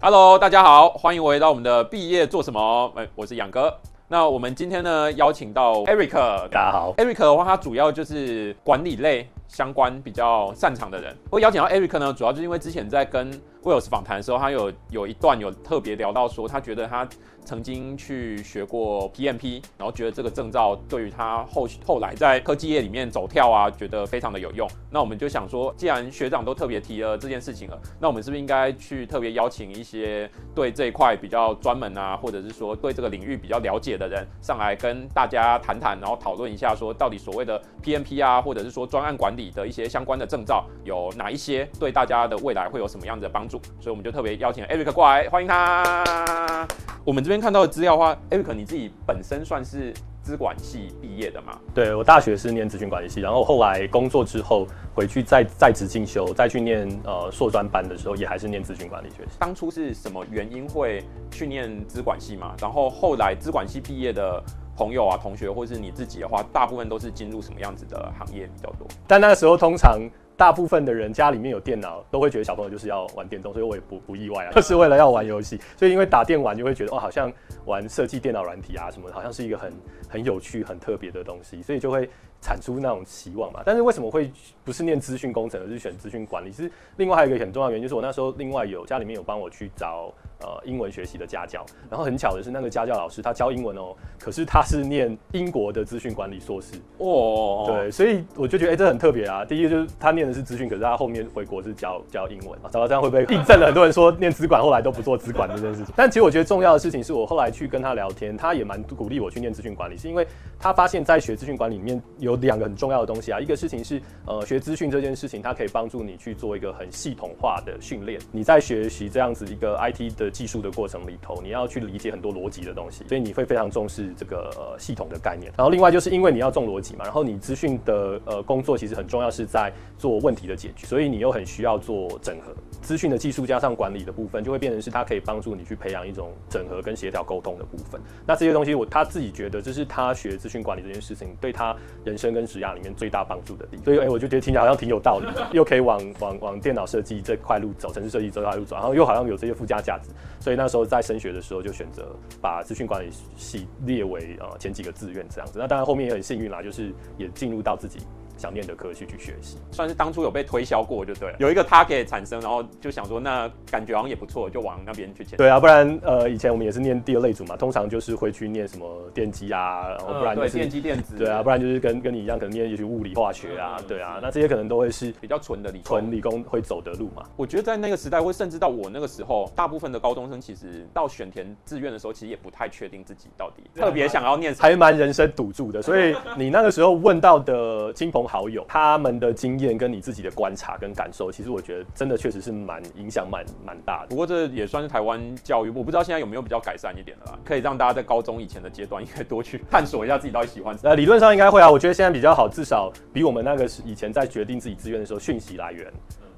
Hello，大家好，歡迎回到我們的畢業做什麼？哎，我是楊哥。那我們今天呢，邀請到 Eric，大家好，Eric 的話，他主要就是管理類。相關比較擅長的人。我邀請到 Eric 呢，主要就是因為之前在跟威爾斯訪談的時候，他有有一段有特別聊到說，他覺得他曾經去學過 PMP，然後覺得這個證照對於他後後來在科技業裡面走跳啊，覺得非常的有用。那我們就想說，既然學長都特別提了這件事情了，那我們是不是應該去特別邀請一些對這一塊比較專門啊，或者是說對這個領域比較了解的人上來跟大家談談，然後討論一下說到底所謂的 PMP 啊，或者是說專案管理。裡的一些相關的證照有哪一些？對大家的未來會有什麼樣子的幫助？所以我們就特別邀請 Eric 過來，歡迎他。我們這邊看到的資料的話，Eric 你自己本身算是資管系畢業的嗎？對，我大學是念資訊管理系，然後後來工作之後回去再在職進修，再去念呃碩專班的時候，也還是念資訊管理學系。當初是什麼原因會去念資管系嘛？然後後來資管系畢業的。朋友啊，同學，或是你自己的話，大部分都是進入什麼樣子的行業比較多？但那個時候，通常大部分的人家裡面有電腦，都會覺得小朋友就是要玩電動，所以我也不不意外啊。就是為了要玩遊戲，所以因為打電玩就會覺得哦，好像玩設計電腦軟體啊什麼，好像是一個很很有趣、很特別的東西，所以就會。產出那種期望嘛，但是為什麼會不是念資訊工程，而是選資訊管理？是另外還有一個很重要的原因，就是我那時候另外有家裡面有幫我去找呃英文學習的家教，然後很巧的是那個家教老師他教英文哦、喔，可是他是念英國的資訊管理碩士哦，對，所以我就覺得哎、欸、這很特別啊。第一個就是他念的是資訊，可是他後面回國是教教英文啊，找到這樣會不會印證了很多人說念資管後來都不做資管這件事情？ 但其實我覺得重要的事情是我後來去跟他聊天，他也蠻鼓勵我去念資訊管理，是因為他發現在學資訊管理裡面有。有兩個很重要的東西啊，一個事情是，呃，學資訊這件事情，它可以幫助你去做一個很系統化的訓練。你在學習這樣子一個 IT 的技術的過程裡頭，你要去理解很多邏輯的東西，所以你會非常重視這個、呃、系統的概念。然後另外就是因為你要重邏輯嘛，然後你資訊的呃工作其實很重要是在做問題的解決，所以你又很需要做整合資訊的技術加上管理的部分，就會變成是它可以幫助你去培養一種整合跟協調溝通的部分。那這些東西我，他自己覺得就是他學資訊管理這件事情對他人。生跟職涯裡面最大幫助的地方，所以哎、欸，我就覺得聽起來好像挺有道理的，又可以往往往電腦設計這塊路走，程式設計這塊路走，然後又好像有這些附加價值，所以那時候在升學的時候就選擇把資訊管理系列為呃前幾個志願這樣子。那當然後面也很幸運啦，就是也進入到自己。想念的科系去學習，算是當初有被推銷過就對了。有一個他 a g e 產生，然後就想說，那感覺好像也不錯，就往那邊去簽。對啊，不然呃，以前我們也是念第二類組嘛，通常就是會去念什麼電機啊，嗯、然後不然就是對電機電子。對啊，不然就是跟跟你一樣，可能念一些物理化學啊。嗯、對啊，那這些可能都會是比較純的理純理工會走的路嘛。我覺得在那個時代，會甚至到我那個時候，大部分的高中生其實到選填志願的時候，其實也不太確定自己到底、啊、特別想要念什麼，還蠻人生賭注的。所以你那個時候問到的親朋。好友他們的經驗跟你自己的觀察跟感受，其實我覺得真的確實是蠻影響蠻蠻大的。不過這也算是台灣教育，我不知道現在有沒有比較改善一點的啦？可以讓大家在高中以前的階段，應該多去探索一下自己到底喜歡什麼。呃，理論上應該會啊。我覺得現在比較好，至少比我們那個以前在決定自己志願的時候，訊息來源。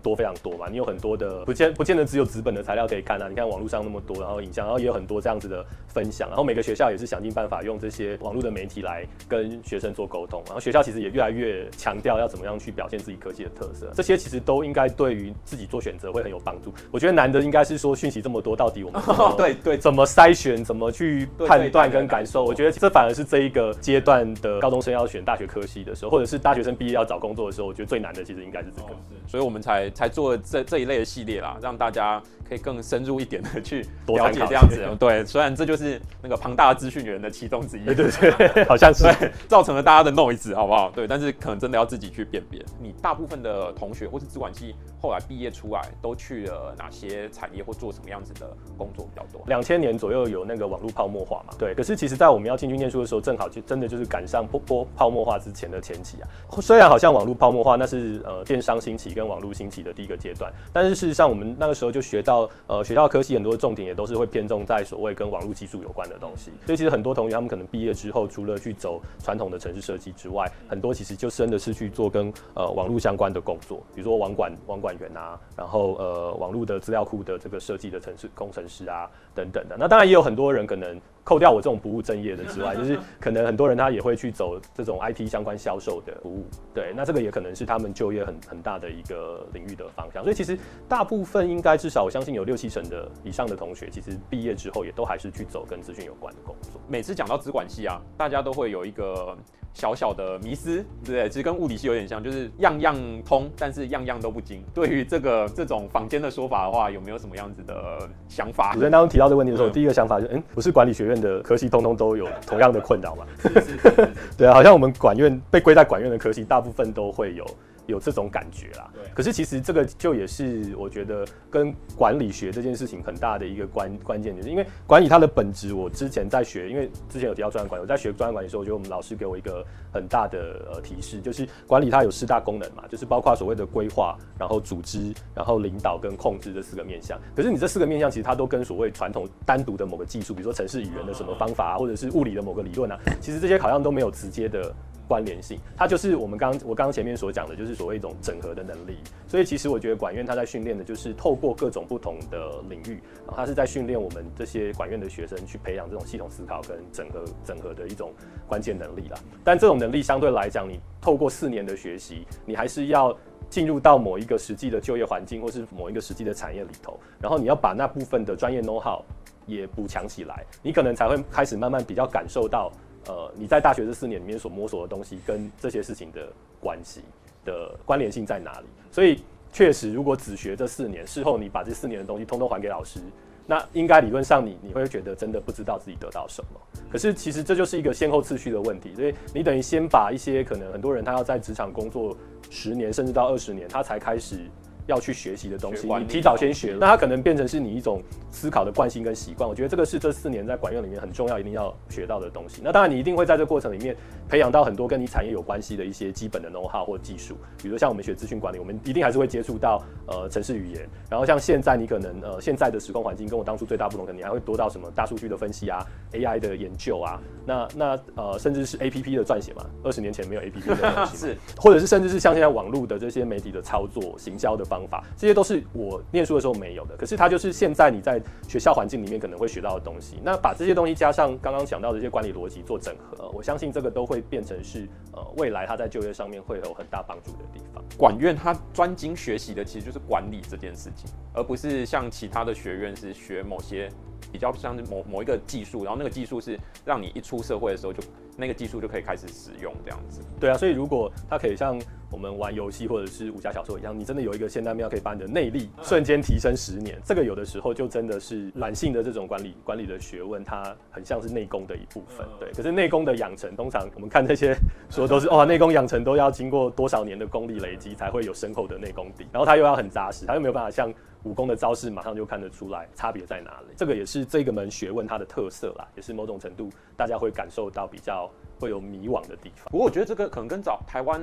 多非常多嘛，你有很多的不見不見得只有紙本的材料可以看啊。你看網絡上那麼多，然後影像，然後也有很多這樣子的分享。然後每個學校也是想盡辦法用這些網絡的媒體來跟學生做溝通。然後學校其實也越來越強調要怎麼樣去表現自己科系的特色。這些其實都應該對於自己做選擇會很有幫助。我覺得難的應該是說訊息這麼多，到底我們對對怎麼篩選，怎麼去判斷跟感受？我覺得這反而是這一個階段的高中生要選大學科系的時候，或者是大學生畢業要找工作的時候，我覺得最難的其實應該是這個。所以我們才。才做這這一類的系列啦，讓大家，可以更深入一點的去了解這樣子，對，雖然這就是那個龐大的資訊源的其中之一 對，對，對，對好像是 對，造成了大家的 noise 好不好？對，但是可能真的要自己去辨別。你大部分的同學或者資管系後來畢業出來，都去了哪些產業或做什麼樣子的工作比較多？兩千年左右有那個網絡泡沫化嘛？對，可是其實在我們要進去念書的時候，正好就真的就是趕上波波泡沫化之前的前期啊。雖然好像網絡泡沫化那是呃電商興起跟網絡興起的第一個階段，但是事實上我們那個時候就學到。呃，學校科系很多的重點也都是會偏重在所謂跟網絡技術有關的東西，所以其實很多同學他們可能畢業之後，除了去走傳統的程式設計之外，很多其實就真的是去做跟呃網絡相關的工作，比如說網管、網管員啊，然後呃網絡的資料庫的這個設計的程式工程師啊等等的。那當然也有很多人可能。扣掉我這種不務正業的之外，就是可能很多人他也會去走這種 IT 相關銷售的服務，對，那這個也可能是他們就業很很大的一個領域的方向。所以其實大部分應該至少我相信有六七成的以上的同學，其實畢業之後也都還是去走跟資訊有關的工作。每次講到資管系啊，大家都會有一個小小的迷思，對不對？其實跟物理系有點像，就是樣樣通，但是樣樣都不精。對於這個這種坊間的說法的話，有沒有什麼樣子的想法？我在剛剛提到這個問題的時候，我第一個想法就是，嗯，我是管理學院。院的科系通通都有同樣的困擾嘛？ 對啊，好像我們管院被歸在管院的科系，大部分都會有。有這種感覺啦，可是其實這個就也是我覺得跟管理學這件事情很大的一個關關鍵點，就是因為管理它的本質，我之前在學，因為之前有提到專案管，我在學專案管理的時候，我覺得我們老師給我一個很大的、呃、提示，就是管理它有四大功能嘛，就是包括所謂的規劃、然後組織、然後領導跟控制這四個面向。可是你這四個面向，其實它都跟所謂傳統單獨的某個技術，比如說程式語言的什麼方法、啊、或者是物理的某個理論啊，其實這些好像都沒有直接的。關聯性，它就是我們剛我剛剛前面所講的，就是所謂一種整合的能力。所以其實我覺得管院它在訓練的就是透過各種不同的領域，然後它是在訓練我們這些管院的學生去培養這種系統思考跟整合整合的一種關鍵能力啦。但這種能力相對來講，你透過四年的學習，你還是要進入到某一個實際的就業環境或是某一個實際的產業裡頭，然後你要把那部分的專業 know how 也補強起來，你可能才會開始慢慢比較感受到。呃，你在大學這四年裡面所摸索的東西，跟這些事情的關係的關聯性在哪裡？所以確實，如果只學這四年，事後你把這四年的東西通通還給老師，那應該理論上你你會覺得真的不知道自己得到什麼。可是其實這就是一個先後次序的問題，所以你等於先把一些可能很多人他要在職場工作十年甚至到二十年，他才開始。要去學習的東西，你提早先學，那它可能變成是你一種思考的慣性跟習慣。我覺得這個是這四年在管院裡面很重要，一定要學到的東西。那當然你一定會在這過程裡面培養到很多跟你產業有關係的一些基本的 know how 或技術。比如像我們學資訊管理，我們一定還是會接觸到呃程式語言。然後像現在你可能呃現在的時空環境跟我當初最大不同，可能你還會多到什麼大數據的分析啊，AI 的研究啊，那那呃甚至是 APP 的撰寫嘛，二十年前沒有 APP 的東西， 是或者是甚至是像現在網絡的這些媒體的操作、行銷的。方法，這些都是我念書的時候沒有的，可是它就是現在你在學校環境裡面可能會學到的東西。那把這些東西加上剛剛講到的這些管理邏輯做整合，呃，我相信這個都會變成是呃未來他在就業上面會有很大幫助的地方。管院它專精學習的其實就是管理這件事情，而不是像其他的學院是學某些比較像是某某一個技術，然後那個技術是讓你一出社會的時候就。那個技術就可以開始使用，這樣子。對啊，所以如果它可以像我們玩遊戲或者是武俠小說一樣，你真的有一個仙丹妙藥可以把你的內力瞬間提升十年，這個有的時候就真的是軟性的這種管理、管理的學問，它很像是內功的一部分。對，可是內功的養成，通常我們看這些說都是哦，內功養成都要經過多少年的功力累積才會有深厚的內功底，然後它又要很扎實，它又沒有辦法像。武功的招式馬上就看得出來差別在哪裡，這個也是這個門學問它的特色啦，也是某種程度大家會感受到比較會有迷惘的地方。不過我覺得這個可能跟早台灣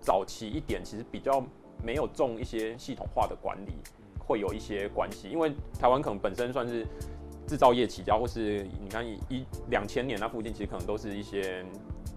早期一點其實比較沒有重一些系統化的管理會有一些關係，因為台灣可能本身算是製造業起家，或是你看一兩千年那附近其實可能都是一些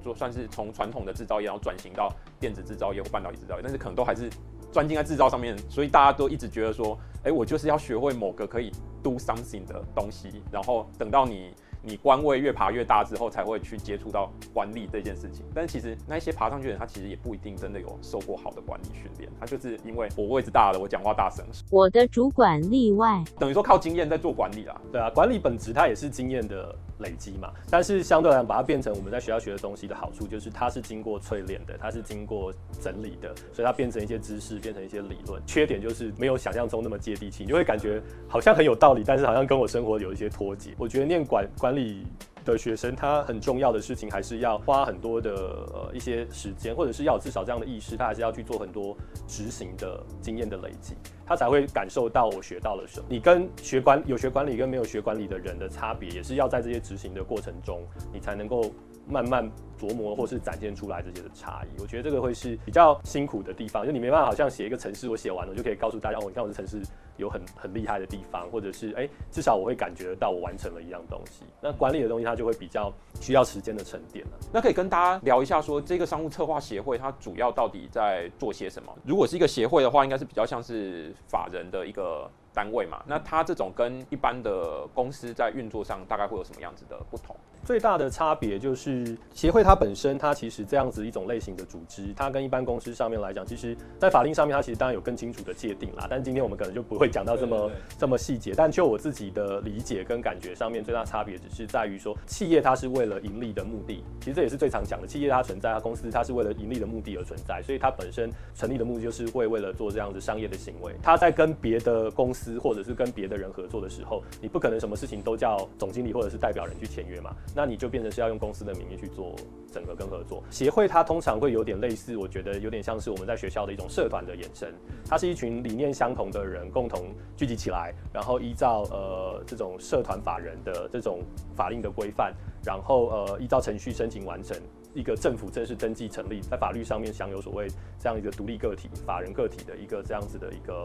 做算是從傳統的製造業然後轉型到電子製造業或半導體製造業，但是可能都還是。專精在製造上面，所以大家都一直覺得說，哎、欸，我就是要學會某個可以 do something 的東西，然後等到你你官位越爬越大之後，才會去接觸到管理這件事情。但其實那一些爬上去的人，他其實也不一定真的有受過好的管理訓練，他就是因為我位置大了，我講話大聲。我的主管例外，等於說靠經驗在做管理啦。對啊，管理本質它也是經驗的。累積嘛，但是相對來講，把它變成我們在學校學的東西的好處，就是它是經過淬煉的，它是經過整理的，所以它變成一些知識，變成一些理論。缺點就是沒有想象中那麼接地氣，你會感覺好像很有道理，但是好像跟我生活有一些脫節。我覺得念管管理。的學生，他很重要的事情還是要花很多的呃一些時間，或者是要有至少這樣的意識，他還是要去做很多執行的經驗的累積，他才會感受到我學到了什麼。你跟學管有學管理跟沒有學管理的人的差別，也是要在這些執行的過程中，你才能夠。慢慢琢磨，或是展現出來這些的差異，我覺得這個會是比較辛苦的地方。就你沒辦法，好像寫一個程式，我寫完了就可以告訴大家哦、喔，你看我的程式有很很厲害的地方，或者是哎、欸，至少我會感覺得到我完成了一樣東西。那管理的東西它就會比較需要時間的沉澱了。那可以跟大家聊一下，說這個商務策劃協會它主要到底在做些什麼？如果是一個協會的話，應該是比較像是法人的一個單位嘛，那他這種跟一般的公司在運作上大概會有什麼樣子的不同？最大的差別就是協會它本身，它其實這樣子一種類型的組織，它跟一般公司上面來講，其實，在法令上面它其實當然有更清楚的界定啦。但今天我們可能就不會講到這麼，對對對，這麼細節。但就我自己的理解跟感覺上面，最大差別只是在於說，企業它是為了盈利的目的，其實這也是最常講的，企業它存在，公司它是為了盈利的目的而存在，所以它本身成立的目的就是會為了做這樣子商業的行為。它在跟別的公司。司或者是跟別的人合作的時候，你不可能什麼事情都叫總經理或者是代表人去簽約嘛，那你就變成是要用公司的名義去做整合跟合作。協會它通常會有點類似，我覺得有點像是我們在學校的一種社團的衍生。它是一群理念相同的人共同聚集起來，然後依照呃這種社團法人的這種法令的規範，然後呃依照程序申請完成一個政府正式登記成立，在法律上面享有所謂這樣一個獨立個體、法人個體的一個這樣子的一個。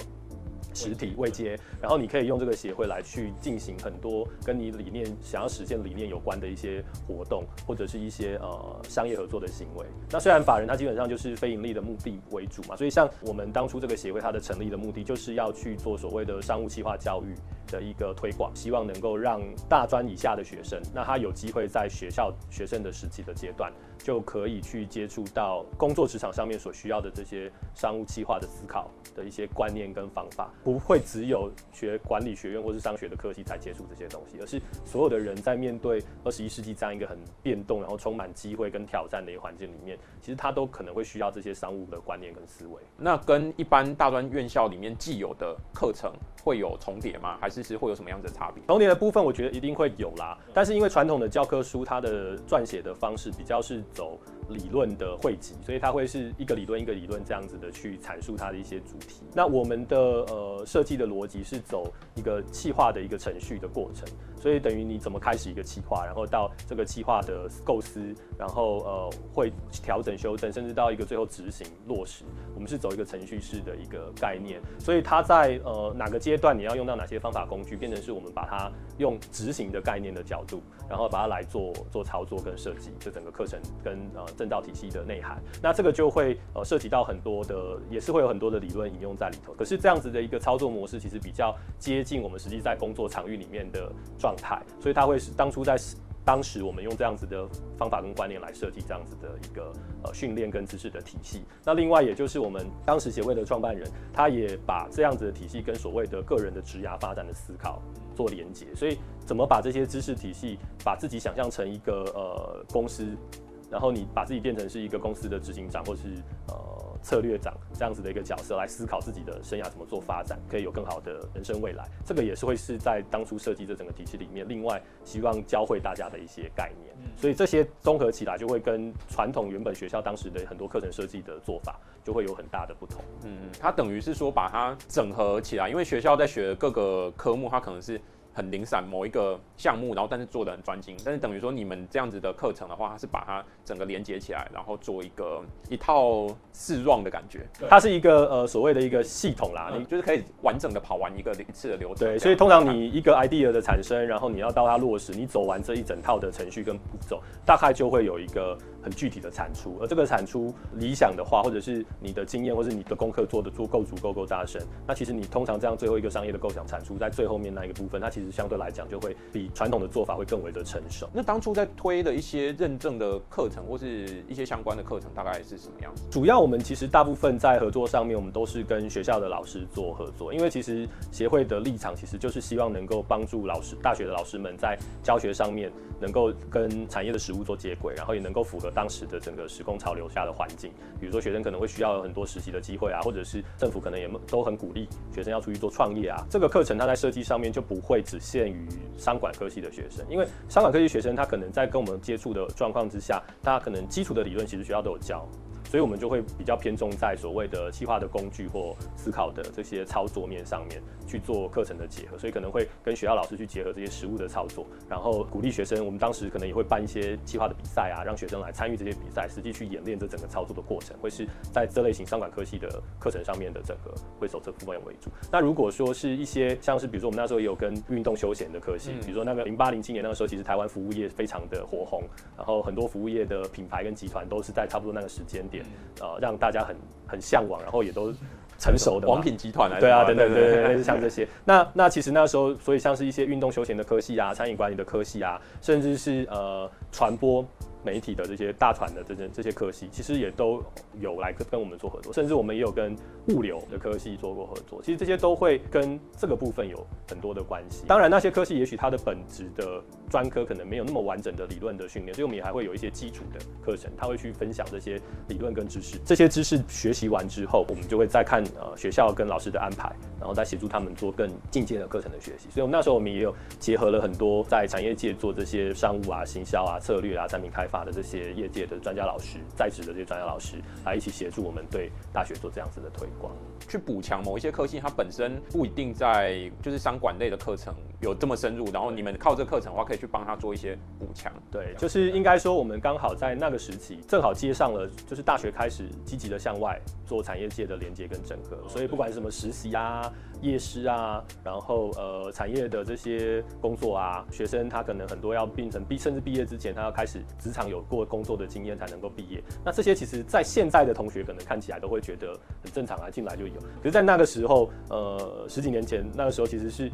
實體位階，然後你可以用這個協會來去進行很多跟你理念想要實現理念有關的一些活動，或者是一些呃商業合作的行為。那雖然法人它基本上就是非盈利的目的為主嘛，所以像我們當初這個協會它的成立的目的就是要去做所謂的商務企劃教育。的一個推廣，希望能夠讓大專以下的學生，那他有機會在學校學生的時期的階段，就可以去接觸到工作職場上面所需要的這些商務企劃的思考的一些觀念跟方法，不會只有學管理學院或是商學的科系才接觸這些東西，而是所有的人在面對二十一世紀這樣一個很變動，然後充滿機會跟挑戰的一個環境裡面，其實他都可能會需要這些商務的觀念跟思維。那跟一般大專院校裡面既有的課程會有重疊嗎？還是？其實會有什麼樣子的差別？重疊的部分，我覺得一定會有啦。但是因為傳統的教科書，它的撰寫的方式比較是走理論的彙集，所以它會是一個理論一個理論這樣子的去闡述它的一些主題。那我們的呃設計的邏輯是走一個企劃的一個程序的過程。所以等於你怎麼開始一個企劃，然後到這個企劃的構思，然後呃會調整、修正，甚至到一個最後執行落實，我們是走一個程序式的一個概念。所以它在呃哪個階段你要用到哪些方法工具，變成是我們把它。用執行的概念的角度，然後把它來做做操作跟設計，這整個課程跟呃證照體系的內涵，那這個就會呃涉及到很多的，也是會有很多的理論引用在裡頭。可是這樣子的一個操作模式，其實比較接近我們實際在工作場域裡面的狀態，所以它會是當初在當時我們用這樣子的方法跟觀念來設計這樣子的一個呃訓練跟知識的體系。那另外，也就是我們當時協會的創辦人，他也把這樣子的體系跟所謂的個人的職涯發展的思考。做連接，所以怎麼把這些知識體系，把自己想象成一個呃公司，然後你把自己變成是一個公司的執行長，或是呃、策略長這樣子的一個角色來思考自己的生涯怎麼做發展，可以有更好的人生未來。這個也是會是在當初設計這整個體系裡面，另外希望教會大家的一些概念。所以這些綜合起來，就會跟傳統原本學校當時的很多課程設計的做法就會有很大的不同。嗯嗯，它等於是說把它整合起來，因為學校在學各個科目，它可能是。很零散，某一個項目，然後但是做的很專精，但是等於說你們這樣子的課程的話，它是把它整個連接起來，然後做一個一套自撞的感覺。對，它是一個呃所謂的一個系統啦，嗯，你就是可以完整的跑完一個一次的流程。對，所以通常你一個 idea 的產生，然後你要到它落實，你走完這一整套的程序跟步驟，大概就會有一個很具體的產出。而這個產出理想的話，或者是你的經驗，或者是你的功課做的足夠足夠夠紮實，那其實你通常這樣最後一個商業的構想產出，在最後面那一個部分，它其實。相對來講，就會比傳統的做法會更為的成熟。那當初在推的一些認證的課程或是一些相關的課程，大概是什麼樣子？主要我們其實大部分在合作上面，我們都是跟學校的老師做合作，因為其實協會的立場其實就是希望能夠幫助老師、大學的老師們在教學上面能夠跟產業的實務做接軌，然後也能夠符合當時的整個時空潮流下的環境。比如說，學生可能會需要很多實習的機會啊，或者是政府可能也都很鼓勵學生要出去做創業啊。這個課程它在設計上面就不會。只限於商管科系的學生，因為商管科系學生，他可能在跟我們接觸的狀況之下，他可能基礎的理論其實學校都有教。所以，我們就會比較偏重在所謂的企劃的工具或思考的這些操作面上面去做課程的結合，所以可能會跟學校老師去結合這些實務的操作，然後鼓勵學生。我們當時可能也會辦一些企劃的比賽啊，讓學生來參與這些比賽，實際去演練這整個操作的過程。會是在這類型商管科系的課程上面的整個會走這部分為主。那如果說是一些像是比如說我們那時候也有跟運動休閒的科系，比如說那個零八零七年那個時候，其實台灣服務業非常的火紅，然後很多服務業的品牌跟集團都是在差不多那個時間點。嗯、呃，讓大家很很嚮往，然後也都成熟的，王品集團 啊，對啊，等等等等，像這些。那那其實那時候，所以像是一些運動休閒的科系啊，餐飲管理的科系啊，甚至是呃傳播。媒體的這些大船的這些這些科系，其實也都有來跟我們做合作，甚至我們也有跟物流的科系做過合作。其實這些都會跟這個部分有很多的關係。當然，那些科系也許它的本職的專科可能沒有那麼完整的理論的訓練，所以我們也還會有一些基礎的課程，他會去分享這些理論跟知識。這些知識學習完之後，我們就會再看呃學校跟老師的安排，然後再協助他們做更進階的課程的學習。所以，我們那時候我們也有結合了很多在產業界做這些商務啊、行銷啊、策略啊、產品開發。的這些業界的專家老師，在職的這些專家老師，來一起協助我們對大學做這樣子的推廣，去補強某一些科系，它本身不一定在就是商管類的課程。有這麼深入，然後你們靠這個課程的話，可以去幫他做一些補強。對，就是應該說，我們剛好在那個時期，正好接上了，就是大學開始積極的向外做產業界的連接跟整合。所以不管是什麼實習啊、業師啊，然後呃產業的這些工作啊，學生他可能很多要變成畢，甚至畢業之前他要開始職場有過工作的經驗才能夠畢業。那這些其實在現在的同學可能看起來都會覺得很正常啊，進來就有。可是，在那個時候，呃十幾年前那個時候其實是。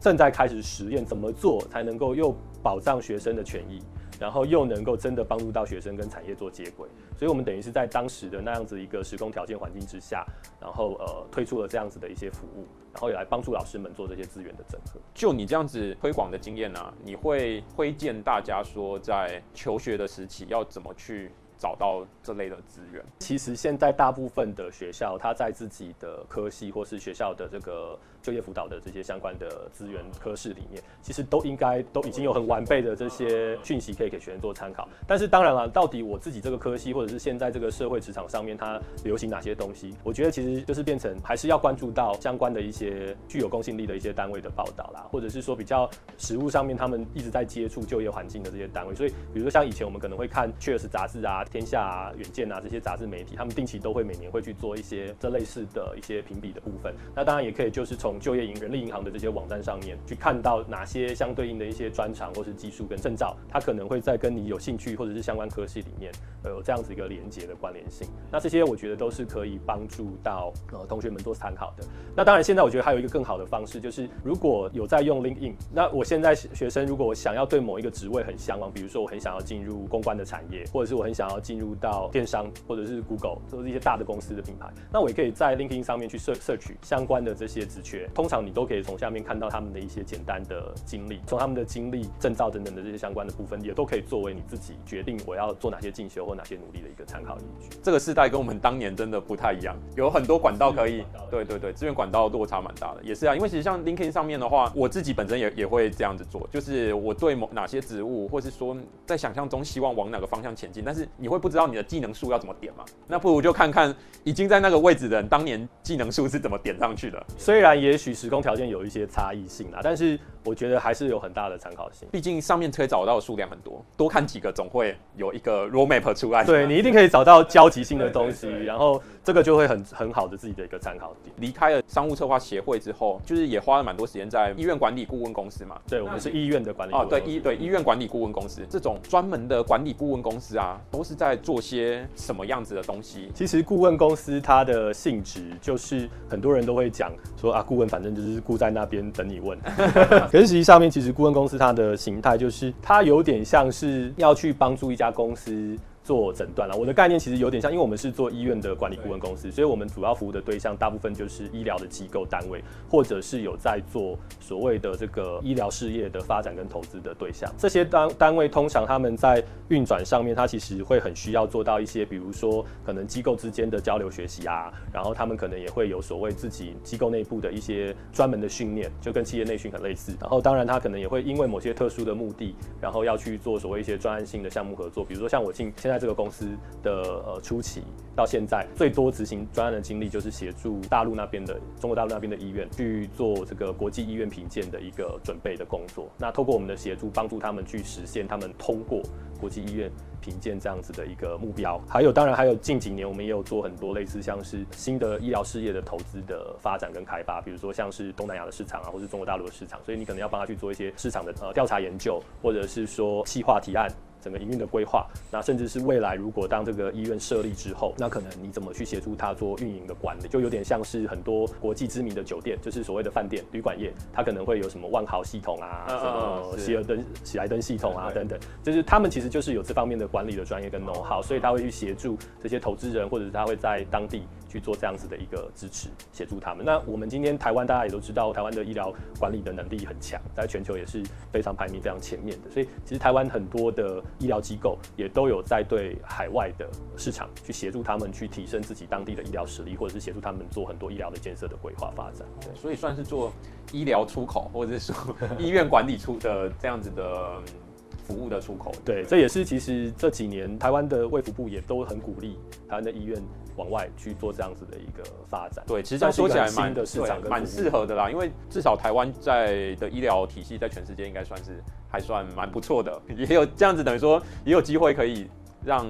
正在開始實驗怎麼做才能夠又保障學生的權益，然後又能夠真的幫助到學生跟產業做接軌。所以我們等於是在當時的那樣子一個時空條件環境之下，然後呃推出了這樣子的一些服務，然後也來幫助老師們做這些資源的整合。就你這樣子推廣的經驗呢、啊，你會推薦大家說，在求學的時期要怎麼去找到這類的資源？其實現在大部分的學校，它在自己的科系或是學校的這個。就業輔導的這些相關的資源科室裡面，其實都應該都已經有很完備的這些訊息可以給學生做參考。但是當然了，到底我自己這個科系或者是現在這個社會職場上面它流行哪些東西，我覺得其實就是變成還是要關注到相關的一些具有公信力的一些單位的報道啦，或者是說比較實務上面他們一直在接觸就業環境的這些單位。所以比如說像以前我們可能會看《確實雜誌》啊、天下啊、遠見啊這些雜志媒體，他們定期都會每年會去做一些這類似的一些評比的部分。那當然也可以就是從從就業銀人力銀行的這些網站上面去看到哪些相對應的一些專長或是技術跟證照，他可能會在跟你有興趣或者是相關科系裡面，呃，有這樣子一個連接的關聯性。那這些我覺得都是可以幫助到呃同學們做參考的。那當然現在我覺得還有一個更好的方式就是，如果有在用 LinkedIn，那我現在學生如果我想要對某一個職位很向往，比如說我很想要進入公關的產業，或者是我很想要進入到電商或者是 Google，這是一些大的公司的品牌，那我也可以在 LinkedIn 上面去 search search 相關的這些職權。通常你都可以從下面看到他們的一些簡單的經歷，從他們的經歷、證照等等的這些相關的部分，也都可以作為你自己決定我要做哪些進修或哪些努力的一個參考依據。這個世代跟我們當年真的不太一樣，有很多管道可以，對對對，資源管道落差蠻大的，也是啊。因為其實像 LinkedIn 上面的話，我自己本身也也會這樣子做，就是我對某哪些職務，或是說在想象中希望往哪個方向前進，但是你會不知道你的技能樹要怎麼點嘛？那不如就看看已經在那個位置的人當年技能樹是怎麼點上去的，雖然也。也許時空條件有一些差異性啦，但是，我覺得還是有很大的參考性，畢竟上面可以找到的數量很多，多看幾個總會有一個 roadmap 出來。對，你一定可以找到交集性的東西，對對對對，然後這個就會很很好的自己的一個參考點。離開了商務策劃協會之後，就是也花了蠻多時間在醫院管理顧問公司嘛。對，我們是醫院的管理顧問公司。哦、啊，對醫對醫院管理顧問公司這種專門的管理顧問公司啊，都是在做些什麼樣子的東西？其實顧問公司它的性質就是很多人都會講說啊，顧問反正就是顧在那邊等你問。 可是實際上面，其實顧問公司它的型態就是，它有點像是要去幫助一家公司。做診斷了，我的概念其實有點像，因為我們是做醫院的管理顧問公司，所以我們主要服務的對象大部分就是醫療的機構單位，或者是有在做所謂的這個醫療事業的發展跟投資的對象。這些單單位通常他們在運轉上面，他其實會很需要做到一些，比如說可能機構之間的交流學習啊，然後他們可能也會有所謂自己機構內部的一些專門的訓練，就跟企業內訓很類似。然後當然他可能也會因為某些特殊的目的，然後要去做所謂一些專案性的項目合作，比如說像我現現在，這個公司的呃初期，到現在，最多執行專案的經歷就是協助大陸那邊的中國大陸那邊的醫院去做這個國際醫院評鑑的一個準備的工作。那透過我們的協助，幫助他們去實現他們通過國際醫院評鑑這樣子的一個目標。還有，當然還有近幾年我們也有做很多類似像是新的醫療事業的投資的發展跟開發，比如說像是東南亞的市場啊，或是中國大陸的市場。所以你可能要幫他去做一些市場的呃調查研究，或者是說企劃提案。整個營運的規劃，那甚至是未來，如果當這個醫院設立之後，那可能你怎麼去協助他做運營的管理，就有點像是很多國際知名的酒店，就是所謂的飯店、旅館業，它可能會有什麼萬豪系統啊，呃、哦，什麼希爾登、喜來登系統啊，對對對，等等，就是他們其實就是有這方面的管理的專業跟 know how，哦、所以他會去協助這些投資人，或者是他會在當地。去做這樣子的一個支持，協助他們。那我們今天台灣大家也都知道，台灣的醫療管理的能力很強，在全球也是非常排名非常前面的。所以其實台灣很多的醫療機構也都有在對海外的市場去協助他們去提升自己當地的醫療實力，或者是協助他們做很多醫療的建設的規劃發展。對，所以算是做醫療出口，或者是說醫院管理出的這樣子的。服務的出口，對，這也是其實這幾年台灣的衛福部也都很鼓勵台灣的醫院往外去做這樣子的一個發展。對，其實這樣說起來蠻新的市場蠻適合的啦，因為至少台灣在的醫療體系在全世界應該算是還算蠻不錯的，也有這樣子等於說也有機會可以。讓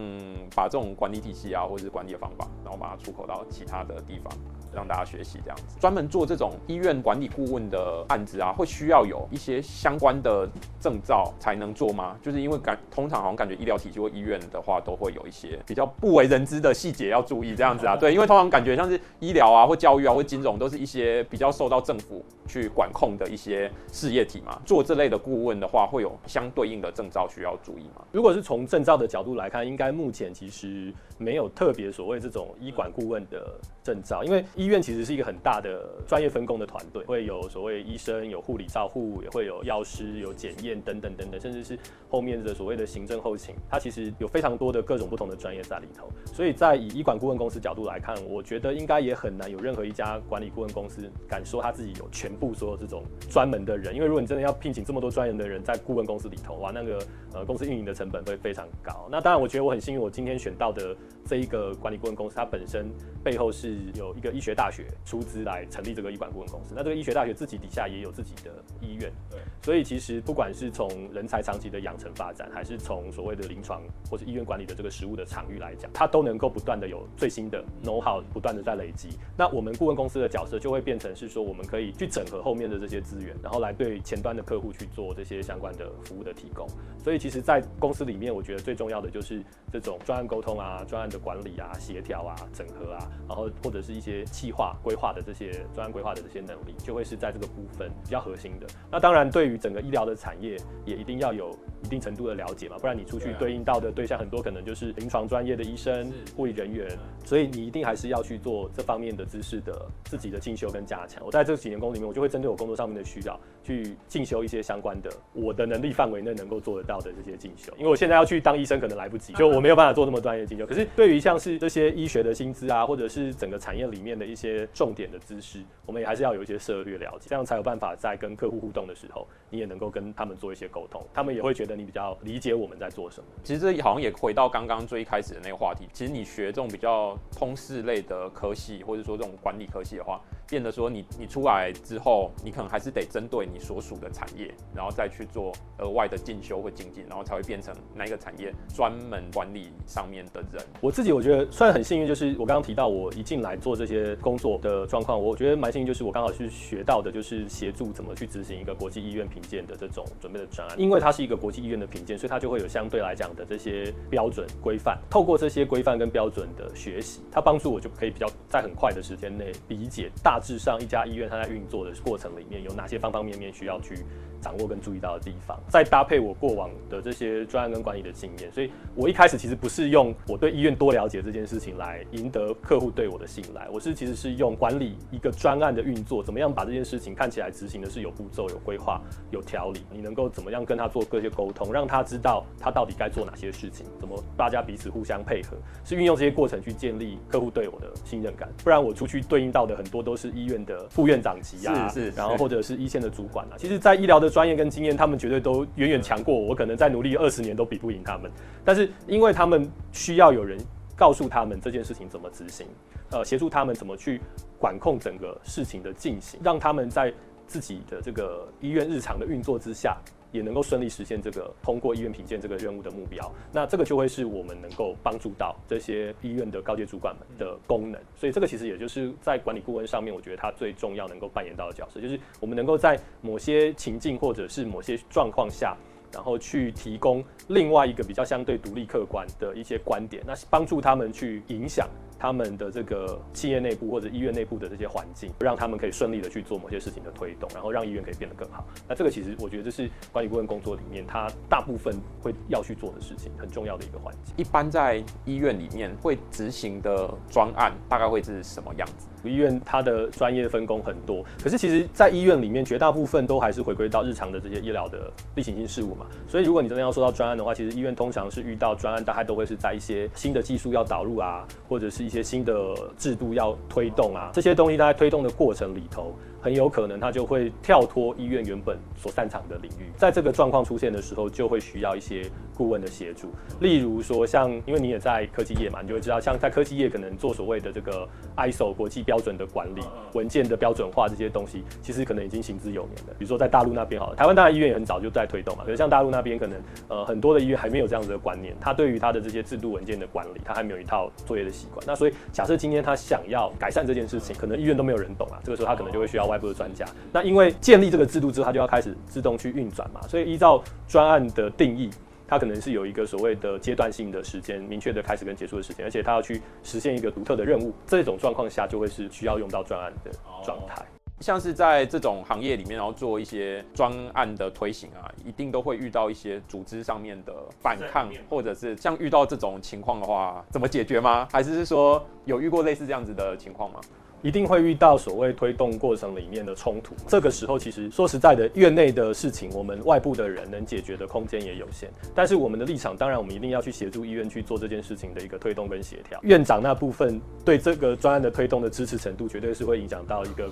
把這種管理體系啊，或者是管理的方法，然後把它出口到其他的地方，讓大家學習這樣子。專門做這種醫院管理顧問的案子啊，會需要有一些相關的證照才能做嗎？就是因為感通常好像感覺醫療體系或醫院的話，都會有一些比較不為人知的細節要注意這樣子啊。對，因為通常感覺像是醫療啊或教育啊或金融，都是一些比較受到政府去管控的一些事業體嘛。做這類的顧問的話，會有相對應的證照需要注意嗎？如果是從證照的角度來看。應該目前其實沒有特別所謂這種醫管顧問的證照，因為醫院其實是一個很大的專業分工的團隊，會有所謂醫生、有護理照護，也會有藥師、有檢驗等等等等，甚至是後面的所謂的行政後勤，它其實有非常多的各種不同的專業在裡頭。所以在以醫管顧問公司角度來看，我覺得應該也很難有任何一家管理顧問公司敢說他自己有全部所有這種專門的人，因為如果你真的要聘請這麼多專業的人在顧問公司裡頭，哇，那個呃公司運營的成本會非常高。那當然我。我覺得我很幸運，我今天選到的。這一個管理顧問公司，它本身背後是有一個醫學大學出資來成立這個醫管顧問公司。那這個醫學大學自己底下也有自己的醫院，對。所以其實不管是從人才長期的養成發展，還是從所謂的臨床或者醫院管理的這個實務的場域來講，它都能夠不斷的有最新的 know how，不斷的在累積。那我們顧問公司的角色就會變成是說，我們可以去整合後面的這些資源，然後來對前端的客戶去做這些相關的服務的提供。所以其實，在公司裡面，我覺得最重要的就是這種專案溝通啊，專案的管理啊、協調啊、整合啊，然後或者是一些企劃、規劃的這些專案規劃的這些能力，就會是在這個部分比較核心的。那當然，對於整個醫療的產業，也一定要有。一定程度的了解嘛，不然你出去對應到的對象很多，可能就是臨床專業的醫生、護理人員，所以你一定還是要去做這方面的知識的自己的進修跟加強。我在這幾年工作裡面，我就會針對我工作上面的需要去進修一些相關的，我的能力範圍內能夠做得到的這些進修。因為我現在要去當醫生，可能來不及，就我沒有辦法做那麼專業進修。可是對於像是這些醫學的薪資啊，或者是整個產業裡面的一些重點的知識，我們也還是要有一些涉獵了解，這樣才有辦法在跟客戶互動的時候，你也能夠跟他們做一些溝通，他們也會覺得。你比較理解我們在做什麼？其實這好像也回到剛剛最一開始的那個話題。其實你學這種比較通識類的科系，或者說這種管理科系的話，變得說你你出來之後，你可能還是得針對你所屬的產業，然後再去做額外的進修或精進，然後才會變成哪一個產業專門管理上面的人。我自己我覺得雖然很幸運，就是我剛剛提到我一進來做這些工作的狀況，我覺得蠻幸運，就是我剛好是學到的就是協助怎麼去執行一個國際醫院評鑑的這種準備的專案，因為它是一個國際。醫院的評鑑，所以它就會有相對來講的這些標準規範。透過這些規範跟標準的學習，它幫助我就可以比較在很快的時間內理解，大致上一家醫院它在運作的過程裡面有哪些方方面面需要去掌握跟注意到的地方。再搭配我過往的這些專案跟管理的經驗，所以我一開始其實不是用我對醫院多了解這件事情來贏得客戶對我的信賴，我是其實是用管理一個專案的運作，怎麼樣把這件事情看起來執行的是有步驟、有規劃、有條理，你能夠怎麼樣跟他做各些溝同讓他知道他到底該做哪些事情，怎麼大家彼此互相配合，是運用這些過程去建立客戶對我的信任感。不然我出去對應到的很多都是醫院的副院長級啊，是是,是，然後或者是一線的主管啊。其實，在醫療的專業跟經驗，他們絕對都遠遠強過我，我可能再努力二十年都比不贏他們。但是，因為他們需要有人告訴他們這件事情怎麼執行，呃，協助他們怎麼去管控整個事情的進行，讓他們在自己的這個醫院日常的運作之下。也能夠順利實現這個通過醫院評鑑這個任務的目標，那這個就會是我們能夠幫助到這些醫院的高階主管們的功能。所以這個其實也就是在管理顧問上面，我覺得它最重要能夠扮演到的角色，就是我們能夠在某些情境或者是某些狀況下，然後去提供另外一個比較相對獨立客觀的一些觀點，那幫助他們去影響。他們的這個企業內部或者醫院內部的這些環境，讓他們可以順利的去做某些事情的推動，然後讓醫院可以變得更好。那這個其實我覺得這是管理顧問工作裡面他大部分會要去做的事情，很重要的一個環節。一般在醫院裡面會執行的專案，大概會是什麼樣子？醫院它的專業分工很多，可是其實，在醫院裡面絕大部分都還是回歸到日常的這些醫療的例行性事務嘛。所以如果你真的要說到專案的話，其實醫院通常是遇到專案，大概都會是在一些新的技術要導入啊，或者是。一些新的制度要推動啊，這些東西它在推動的過程裡頭，很有可能它就會跳脫醫院原本所擅長的領域。在這個狀況出現的時候，就會需要一些顧問的協助。例如說像，像因為你也在科技業嘛，你就會知道，像在科技業可能做所謂的這個 ISO 國際標準的管理文件的標準化這些東西，其實可能已經行之有年了。比如說在大陸那邊，好了，台灣大醫院也很早就在推動嘛。可是像大陸那邊，可能呃很多的醫院還沒有這樣子的觀念，他對於他的這些制度文件的管理，他還沒有一套作業的習慣。那所以，假設今天他想要改善這件事情，可能醫院都沒有人懂啊。這個時候，他可能就會需要外部的專家。那因為建立這個制度之後，他就要開始自動去運轉嘛。所以，依照專案的定義，他可能是有一個所謂的階段性的時間，明確的開始跟結束的時間，而且他要去實現一個獨特的任務。這種狀況下，就會是需要用到專案的狀態。像是在這種行業裡面，然後做一些專案的推行啊，一定都會遇到一些組織上面的反抗，或者是像遇到這種情況的話，怎麼解決嗎？還是是說有遇過類似這樣子的情況嗎？一定會遇到所謂推動過程裡面的衝突，這個時候其實說實在的，院內的事情我們外部的人能解決的空間也有限。但是我們的立場，當然我們一定要去協助醫院去做這件事情的一個推動跟協調。院長那部分對這個專案的推動的支持程度，絕對是會影響到一個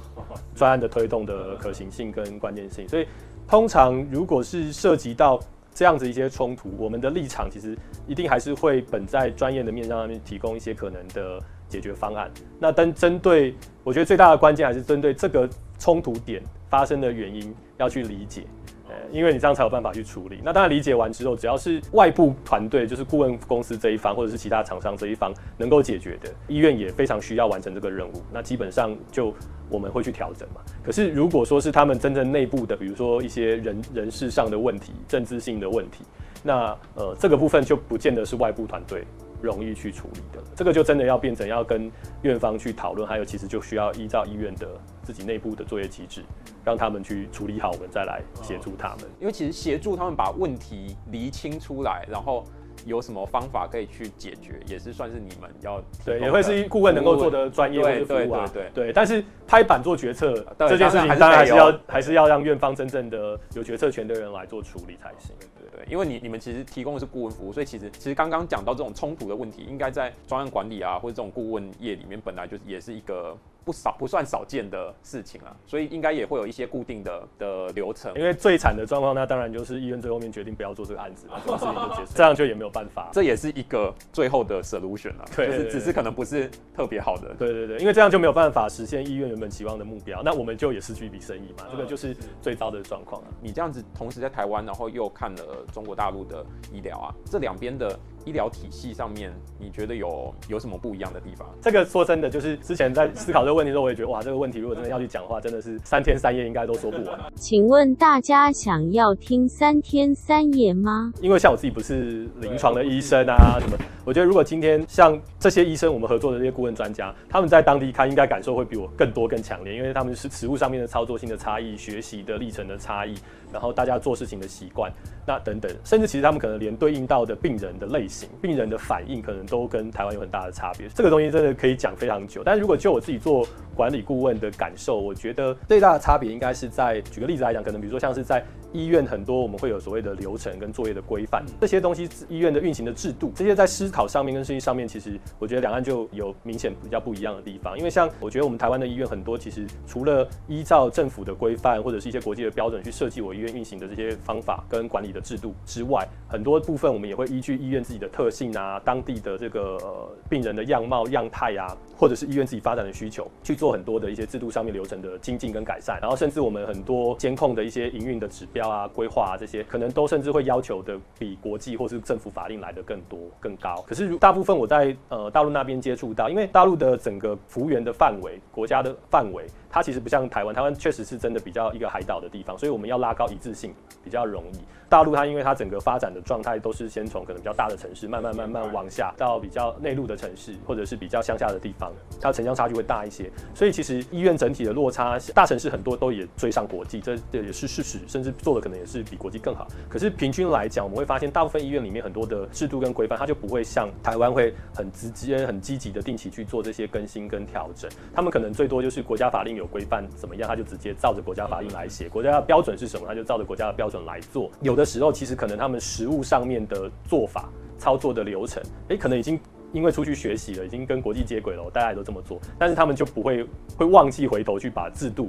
專案的推動的可行性跟關鍵性。所以通常如果是涉及到這樣子一些衝突，我們的立場其實一定還是會本在專業的面上面提供一些可能的解決方案。那但針對，我覺得最大的關鍵還是針對這個衝突點發生的原因要去理解，呃，因為你這樣才有辦法去處理。那當然理解完之後，只要是外部團隊，就是顧問公司這一方或者是其他廠商這一方能夠解決的，醫院也非常需要完成這個任務。那基本上就我們會去調整嘛。可是如果說是他們真正內部的，比如說一些人人事上的問題、政治性的問題，那呃這個部分就不見得是外部團隊。容易去處理的，這個就真的要變成要跟院方去討論，還有其實就需要依照醫院的自己內部的作業機制，讓他們去處理好，我們再來協助他們。因為其實協助他們把問題釐清出來，然後有什麼方法可以去解決，也是算是你們要對，也會是顧問能夠做的專業。啊、對對對對。但是拍板做決策這件事情，當然還是要還是要讓院方真正的有決策權的人來做處理才行。對，因為你，你們其實提供的是顧問服務，所以其實，其實剛剛講到這種衝突的問題，應該在專案管理啊或者這種顧問業裡面本來就也是一個。不少不算少見的事情啊，所以應該也會有一些固定的的流程。因為最慘的狀況，那當然就是醫院最後面決定不要做這個案子，然後最後事情就結成了 這樣就也沒有辦法。這也是一個最後的 solution 啊，對對對對，就是只是可能不是特別好的。對對對，因為這樣就沒有辦法實現醫院原本期望的目標，那我們就也失去一筆生意嘛。這個就是最糟的狀況啊，哦。你這樣子同時在台灣，然後又看了中國大陸的醫療啊，這兩邊的。醫療體系上面，你覺得有有什麼不一樣的地方？這個說真的，就是之前在思考這個問題的時候，我也覺得哇，這個問題如果真的要去講的話，真的是三天三夜應該都說不完。請問大家想要聽三天三夜嗎？因為像我自己不是臨床的醫生啊什，什麼？我覺得如果今天像這些醫生，我們合作的這些顧問專家，他們在當地看應該感受會比我更多更強烈，因為他們是實務上面的操作性的差異，學習的歷程的差異。然後大家做事情的習慣，那等等，甚至其實他們可能連對應到的病人的類型、病人的反應，可能都跟台灣有很大的差別。這個東西真的可以講非常久。但是如果就我自己做管理顧問的感受，我覺得最大的差別應該是在舉個例子來講，可能比如說像是在醫院，很多我們會有所謂的流程跟作業的規範，這些東西醫院的運行的制度，這些在思考上面跟事情上面，其實我覺得兩岸就有明顯比較不一樣的地方。因為像我覺得我們台灣的醫院很多，其實除了依照政府的規範或者是一些國際的標準去設計我醫院運行的這些方法跟管理的制度之外，很多部分我們也會依據醫院自己的特性啊、當地的這個，呃，病人的樣貌樣態呀、啊，或者是醫院自己發展的需求去做。很多的一些制度上面流程的精進跟改善，然後甚至我們很多監控的一些營運的指標啊、規劃啊這些，可能都甚至會要求的比國際或是政府法令來的更多、更高。可是大部分我在呃大陸那邊接觸到，因為大陸的整個幅員的範圍、國家的範圍。它其實不像台灣，台灣確實是真的比較一個海島的地方，所以我們要拉高一致性比較容易。大陸它因為它整個發展的狀態都是先從可能比較大的城市，慢慢慢慢往下到比較內陸的城市或者是比較鄉下的地方，它的城鄉差距會大一些。所以其實醫院整體的落差，大城市很多都也追上國際，這這也是事實，甚至做的可能也是比國際更好。可是平均來講，我們會發現大部分醫院裡面很多的制度跟規範，它就不會像台灣會很直接、很積極的定期去做這些更新跟調整。他們可能最多就是國家法令。有規範怎麼樣，他就直接照着國家法令來寫；國家的標準是什麼，他就照着國家的標準來做。有的時候，其實可能他們實務上面的做法、操作的流程，誒、欸，可能已經因為出去學習了，已經跟國際接軌了，大家都這麼做，但是他們就不會會忘記回頭去把制度，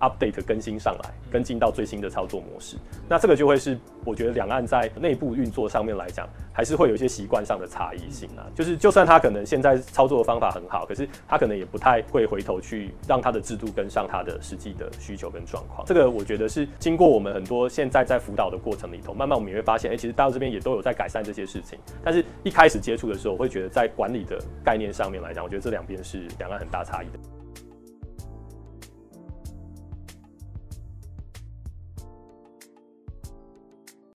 update 更新上來，跟進到最新的操作模式，那這個就會是我覺得兩岸在內部運作上面來講，還是會有一些習慣上的差異性啊。就是就算他可能現在操作的方法很好，可是他可能也不太會回頭去讓他的制度跟上他的實際的需求跟狀況。這個我覺得是經過我們很多現在在輔導的過程裡頭，慢慢我們也會發現，誒、欸，其實大陸這邊也都有在改善這些事情。但是一開始接觸的時候，我會覺得在管理的概念上面來講，我覺得這兩邊是兩岸很大差異的。